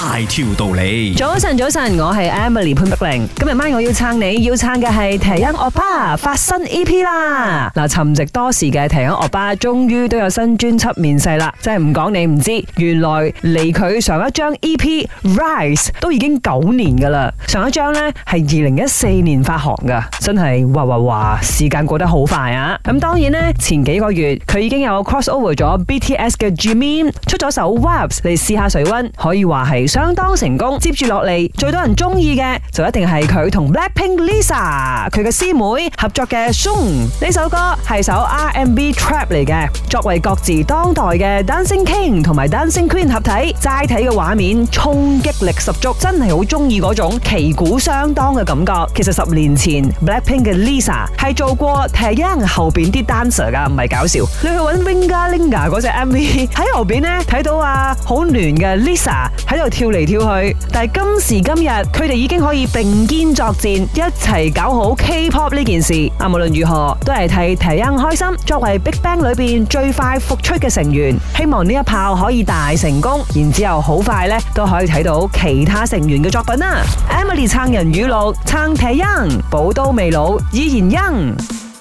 大條道理，早晨早晨，我係 Emily 潘碧玲。今日晚我要撐你，要撐嘅係 Taeyang Oppa 發新 EP 啦。嗱，沉寂多時嘅 Taeyang Oppa，終於都有新專輯面世啦，真係唔講你唔知道，原來離佢上一張 EP Rise 都已經九年噶啦。上一張呢係二零一四年發行噶，真係哇哇哇，時間過得好快啊！咁當然呢，前幾個月佢已經有 cross over 咗 BTS 嘅 Jimin，出咗首 Vibe 嚟試下水溫，可以話係。相當成功，接住落嚟最多人中意嘅就一定係佢同 Blackpink Lisa 佢嘅師妹合作嘅《Shoong!》，呢首歌係首 R&B Trap 嚟嘅。作為各自當代嘅 Dancing King 同埋 Dancing Queen 合體，齋睇嘅畫面衝擊力十足，真係好中意嗰種旗鼓相當嘅感覺。其實十年前 Blackpink 嘅 Lisa 係做過《Taeyang》後邊啲 Dancer 噶唔係搞笑。你去搵 Ringa Linga 嗰隻 MV 喺後邊咧，睇到啊，好嫩嘅 Lisa 喺度。跳嚟跳去，但係今時今日，佢哋已經可以並肩作戰，一齊搞好 K-pop 呢件事。啊，無論如何，都係睇 Taeyang 開心。作為 BigBang 裏邊最快復出嘅成員，希望呢一炮可以大成功，然之後好快都可以睇到其他成員嘅作品啦。 Emily 撐人語錄，撐 Taeyang，寶刀未老依然恩。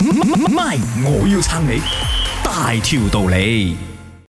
唔係，我要撐你，大條道理。